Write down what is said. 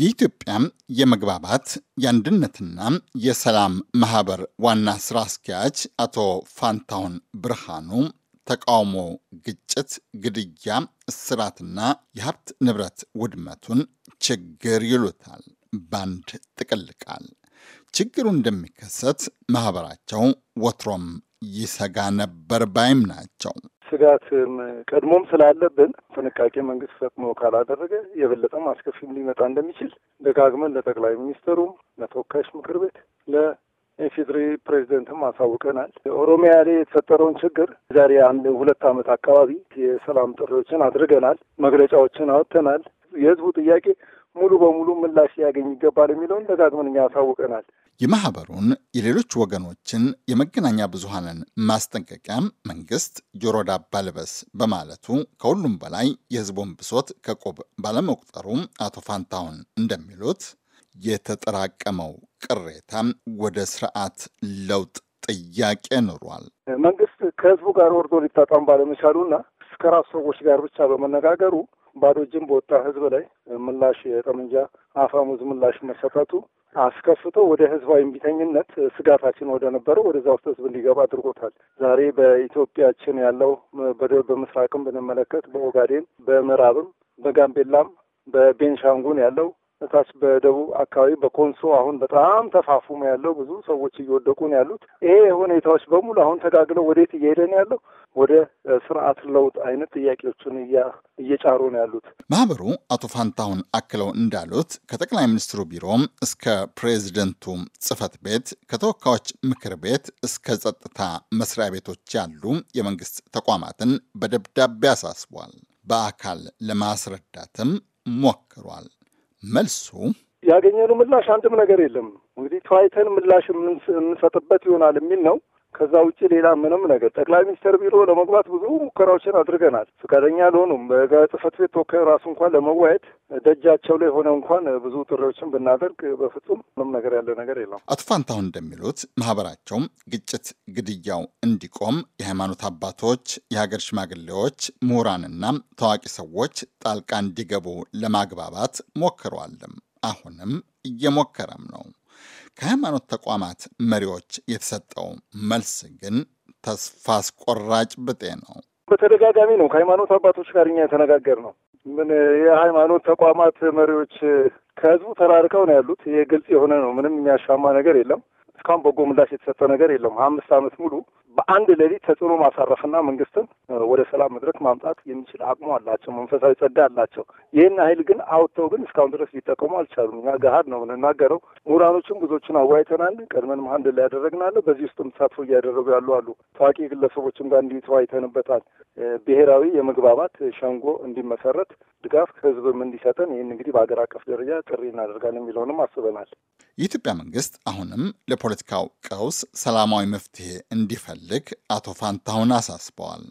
የኢትዮጵያም የመግባባት የአንድነትና የሰላም ማህበር ዋና ስራ አስኪያጅ አቶ ፋንታሁን ብርሃኑ ተቃውሞ፣ ግጭት፣ ግድያ፣ እስራትና የሀብት ንብረት ውድመቱን ችግር ይሉታል። ባንድ ጥቅል ቃል ችግሩ እንደሚከሰት ማህበራቸው ወትሮም ይሰጋ ነበር ባይም ናቸው። ስጋትም ቀድሞም ስላለብን ጥንቃቄ መንግስት ፈጥኖ ካላደረገ የበለጠም አስከፊም ሊመጣ እንደሚችል ደጋግመን ለጠቅላይ ሚኒስትሩም ለተወካዮች ምክር ቤት ለኢፌዴሪ ፕሬዚደንትም አሳውቀናል። ኦሮሚያ ላይ የተፈጠረውን ችግር ዛሬ አንድ ሁለት ዓመት አካባቢ የሰላም ጥሪዎችን አድርገናል፣ መግለጫዎችን አወጥተናል። የህዝቡ ጥያቄ ሙሉ በሙሉ ምላሽ ሊያገኝ ይገባል የሚለውን ደጋግመን እኛ ያሳውቀናል። የማህበሩን የሌሎች ወገኖችን የመገናኛ ብዙሃንን ማስጠንቀቂያ መንግስት ጆሮ ዳባ ልበስ በማለቱ ከሁሉም በላይ የህዝቡን ብሶት ከቆብ ባለመቁጠሩ አቶ ፋንታሁን እንደሚሉት የተጠራቀመው ቅሬታ ወደ ስርዓት ለውጥ ጥያቄ ኑሯል። መንግስት ከህዝቡ ጋር ወርዶ ሊጣጣም ባለመቻሉና ከራሱ ሰዎች ጋር ብቻ በመነጋገሩ ባዶ እጅን በወጣ ህዝብ ላይ ምላሽ የጠመንጃ አፈሙዝ ምላሽ መሰጠቱ አስከፍቶ ወደ ህዝባዊ እምቢተኝነት ስጋታችን ወደ ነበረው ወደዛ ውስጥ ህዝብ እንዲገባ አድርጎታል። ዛሬ በኢትዮጵያችን ያለው በምስራቅም ብንመለከት በኦጋዴን፣ በምዕራብም፣ በጋምቤላም፣ በቤንሻንጉን ያለው እታች በደቡብ አካባቢ በኮንሶ አሁን በጣም ተፋፉም ያለው ብዙ ሰዎች እየወደቁ ነው ያሉት። ይሄ ሁኔታዎች በሙሉ አሁን ተጋግለው ወዴት እየሄደ ነው ያለው? ወደ ስርዓት ለውጥ አይነት ጥያቄዎቹን እየጫሩ ነው ያሉት። ማህበሩ አቶ ፋንታሁን አክለው እንዳሉት ከጠቅላይ ሚኒስትሩ ቢሮም እስከ ፕሬዚደንቱ ጽህፈት ቤት ከተወካዮች ምክር ቤት እስከ ጸጥታ መስሪያ ቤቶች ያሉ የመንግስት ተቋማትን በደብዳቤ አሳስቧል። በአካል ለማስረዳትም ሞክሯል። መልሱ ያገኘነው ምላሽ አንድም ነገር የለም። እንግዲህ ተዋይተን ምላሽ የምንሰጥበት ይሆናል የሚል ነው። ከዛ ውጭ ሌላ ምንም ነገር ጠቅላይ ሚኒስትር ቢሮ ለመግባት ብዙ ሙከራዎችን አድርገናል። ፈቃደኛ አልሆኑም። በጽህፈት ቤት ተወካይ ራሱ እንኳን ለመወያየት ደጃቸው ላይ ሆነ እንኳን ብዙ ጥሪዎችን ብናደርግ በፍጹም ምንም ነገር ያለ ነገር የለም። አቶ ፋንታሁን እንደሚሉት ማህበራቸውም ግጭት፣ ግድያው እንዲቆም የሃይማኖት አባቶች፣ የሀገር ሽማግሌዎች፣ ምሁራንና ታዋቂ ሰዎች ጣልቃ እንዲገቡ ለማግባባት ሞክሯልም አሁንም እየሞከረም ነው። ከሃይማኖት ተቋማት መሪዎች የተሰጠው መልስ ግን ተስፋ አስቆራጭ ብጤ ነው። በተደጋጋሚ ነው ከሃይማኖት አባቶች ጋር እኛ የተነጋገር ነው። ምን የሃይማኖት ተቋማት መሪዎች ከህዝቡ ተራርቀው ነው ያሉት። ይህ ግልጽ የሆነ ነው። ምንም የሚያሻማ ነገር የለም። እስካሁን በጎ ምላሽ የተሰጠ ነገር የለም። አምስት ዓመት ሙሉ በአንድ ሌሊት ተጽዕኖ ማሳረፍና መንግስትን ወደ ሰላም መድረክ ማምጣት የሚችል አቅሙ አላቸው፣ መንፈሳዊ ጸጋ አላቸው። ይህን ኃይል ግን አውጥተው ግን እስካሁን ድረስ ሊጠቀሙ አልቻሉም። እኛ ገሀድ ነው የምንናገረው። ምሁራኖችም ብዙዎችን አዋይተናል። ቀድመን መሀንድ ላይ ያደረግናለ በዚህ ውስጥም ተሳትፎ እያደረጉ ያሉ አሉ። ታዋቂ ግለሰቦችም ጋር እንዲህ ብሔራዊ የመግባባት ሸንጎ እንዲመሰረት ድጋፍ ህዝብም እንዲሰጠን ይህን እንግዲህ በሀገር አቀፍ ደረጃ ጥሪ እናደርጋለን የሚለውንም አስበናል። የኢትዮጵያ መንግስት አሁንም ለፖለቲካው ቀውስ ሰላማዊ መፍትሄ እንዲፈል እንድንልክ አቶ ፋንታሁን አሳስበዋል።